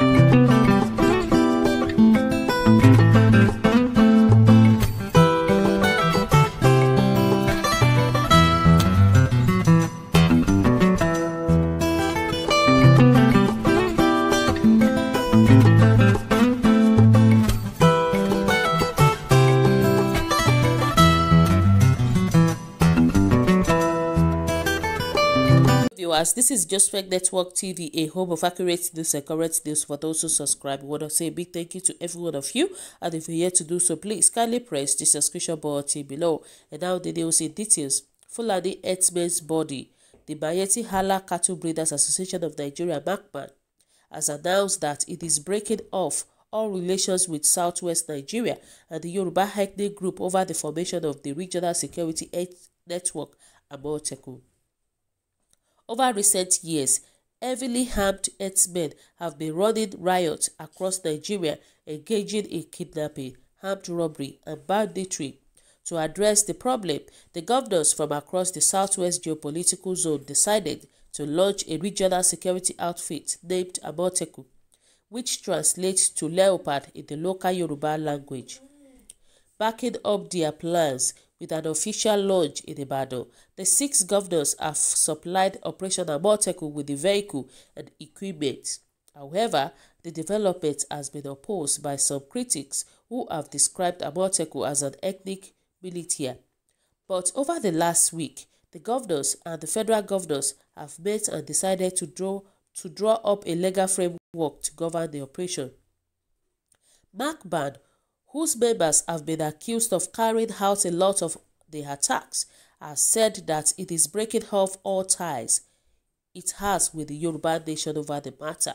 you viewers, this is Just Fact Network TV, a home of accurate news and correct news, those who subscribe. I want to say a big thank you to every one of you, and if you're here to do so, please kindly press the subscription button below. And now the news in details. Fulani Herdsmen's Body, the Bayeti Hala Cattle Breeders Association of Nigeria, MACMAN, has announced that it is breaking off all relations with Southwest Nigeria and the Yoruba Hackney Group over the formation of the Regional Security Network, Amotekun. Over recent years, heavily armed herdsmen have been running riots across Nigeria, engaging in kidnapping, armed robbery, and banditry. To address the problem, the governors from across the southwest geopolitical zone decided to launch a regional security outfit named Amoteku, which translates to leopard in the local Yoruba language. Backing up their plans, with an official lodge in Ibadan. The six governors have supplied Operation Moteco with the vehicle and equipment. However, the development has been opposed by some critics who have described Amoteco as an ethnic militia. But over the last week, the governors and the federal governors have met and decided to draw to draw up a legal framework to govern the operation. Mark Band, whose members have been accused of carrying out a lot of the attacks, has said that it is breaking off all ties it has with the Yoruba nation over the matter.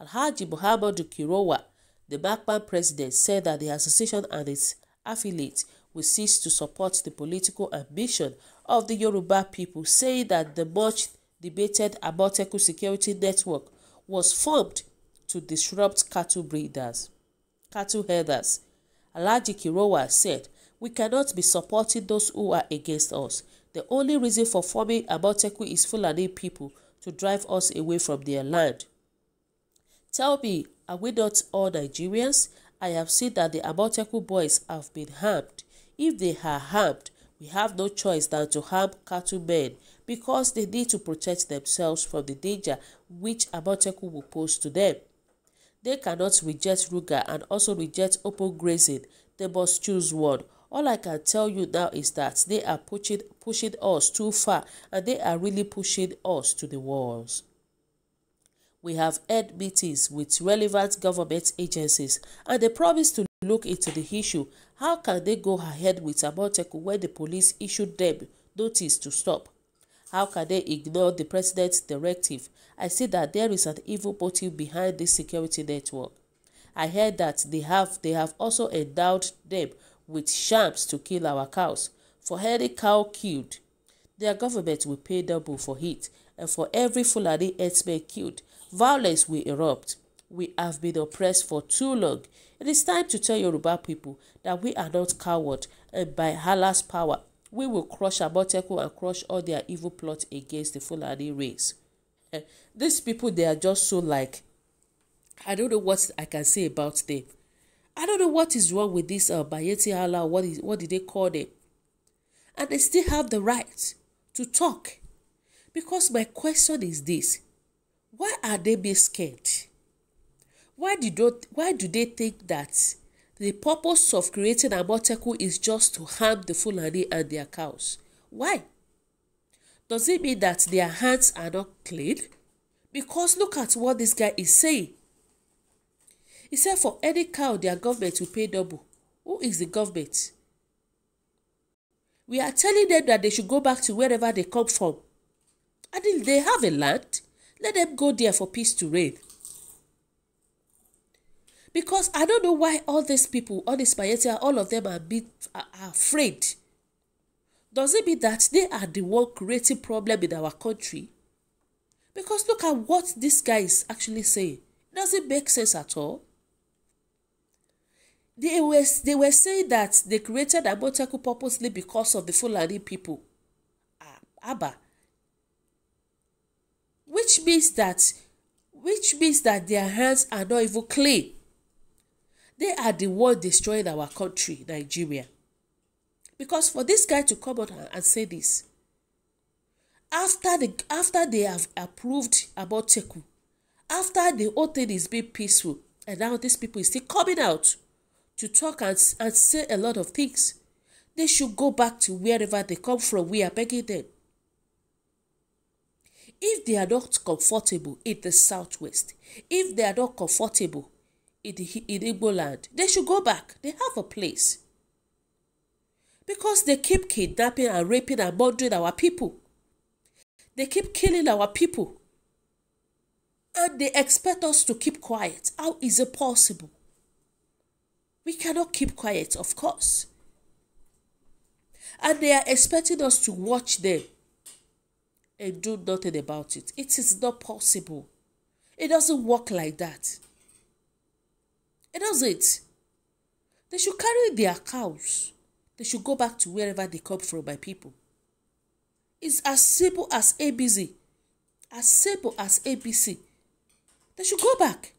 Alhaji Muhammadu Kirowa, the MAPAN president, said that the association and its affiliates will cease to support the political ambition of the Yoruba people, saying that the much debated Amoteku Security Network was formed to disrupt cattle breeders, cattle herders. Alhaji Kirowa said, We cannot be supporting those who are against us. The only reason for forming Amotekun is Fulani people to drive us away from their land. Tell me, are we not all Nigerians? I have seen that the Amotekun boys have been harmed. If they are harmed, we have no choice than to harm cattlemen because they need to protect themselves from the danger which Amotekun will pose to them. They cannot reject Ruger and also reject open grazing. They must choose one. All I can tell you now is that they are pushing, pushing us too far and they are really pushing us to the walls. We have had meetings with relevant government agencies and they promised to look into the issue. How can they go ahead with Amoteku when the police issued them notice to stop? How can they ignore the president's directive? I see that there is an evil motive behind this security network. I heard that they have they have also endowed them with shams to kill our cows. For every cow killed, their government will pay double for it, and for every Fulani herdsman killed, violence will erupt. We have been oppressed for too long. It is time to tell Yoruba people that we are not cowards, and by Allah's power, We will crush Aboteku and crush all their evil plot against the Fulani race. Eh, these people, they are just so like, I don't know what I can say about them. I don't know what is wrong with this uh, Bayeti Allah, what, is, what did they call them? And they still have the right to talk. Because my question is this. Why are they being scared? Why do, why do they think that The purpose of creating a Amoteku is just to harm the Fulani and their cows. Why? Does it mean that their hands are not clean? Because look at what this guy is saying. He said for any cow, their government will pay double. Who is the government? We are telling them that they should go back to wherever they come from. And if they have a land, let them go there for peace to reign because i don't know why all these people all these payetia all of them are, be are, afraid does it mean that they are the one creating problem in our country because look at what this guy is actually saying it make sense at all they were they were saying that they created Amoteku purposely because of the Fulani people ah, Abba which means that which means that their hands are not even clean They are the one destroying our country, Nigeria. Because for this guy to come out and, say this, after the after they have approved about Teku, after the whole thing is being peaceful, and now these people is still coming out to talk and, and say a lot of things, they should go back to wherever they come from. We are begging them. If they are not comfortable in the southwest, if they are not comfortable in, in Igbo land. They should go back. They have a place. Because they keep kidnapping and raping and murdering our people. They keep killing our people. And they expect us to keep quiet. How is it possible? We cannot keep quiet, of course. And they are expecting us to watch them and do nothing about it. It is not possible. It doesn't work like that. And that's it. They should carry their cows. They should go back to wherever they come from, By people. It's as simple as ABC. As simple as ABC. They should go back.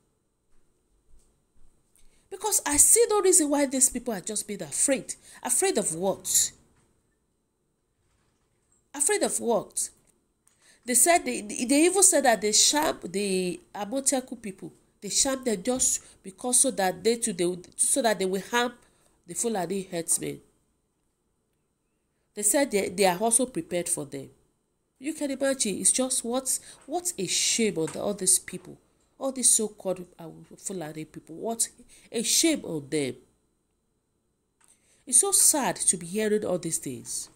Because I see no reason why these people are just being afraid. Afraid of what? Afraid of what? They said they, they even said that they sharp the Amoteku people they charm them just because so that they to the so that they will harm the Fulani herdsmen. They said they, they are also prepared for them. You can imagine, it's just what's what a shame on the, all these people, all these so-called uh, Fulani people. What a shame on them. It's so sad to be hearing all these things.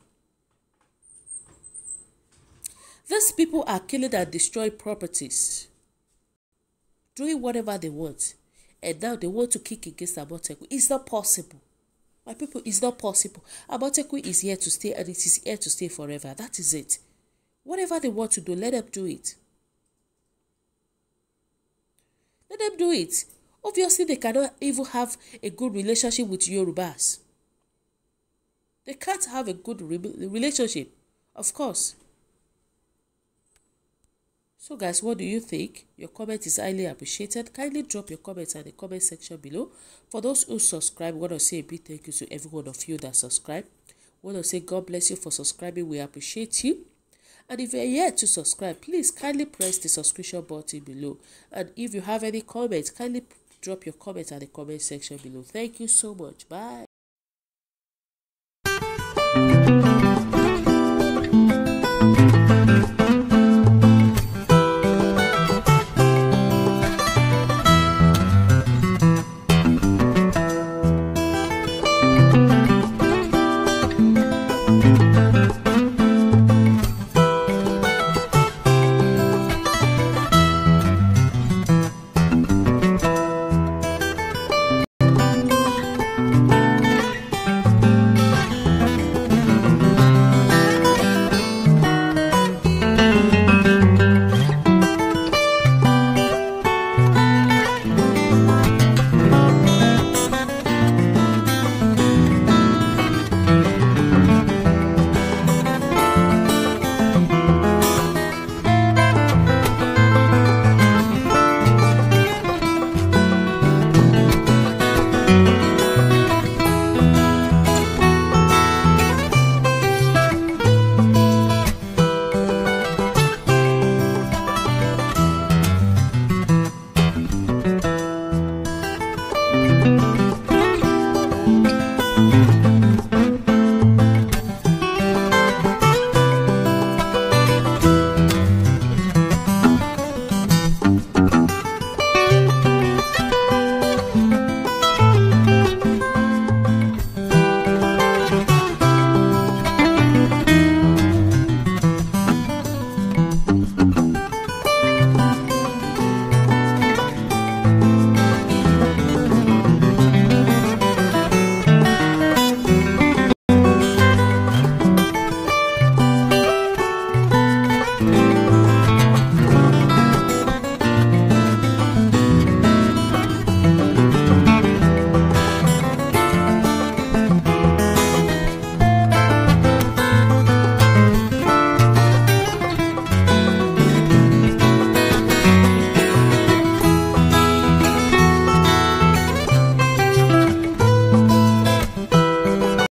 These people are killing and destroying properties. doing whatever they want. And now they want to kick against Aboteku. It's not possible. My people, it's not possible. Aboteku is here to stay and it is here to stay forever. That is it. Whatever they want to do, let them do it. Let them do it. Obviously, they cannot even have a good relationship with Yorubas. They can't have a good re relationship, of course. So guys, what do you think? Your comment is highly appreciated. Kindly drop your comments at the comment section below. For those who subscribe, I want to say a big thank you to every one of you that subscribe. I want to say God bless you for subscribing. We appreciate you. And if you're yet to subscribe, please kindly press the subscription button below. And if you have any comments, kindly drop your comments at the comment section below. Thank you so much. Bye.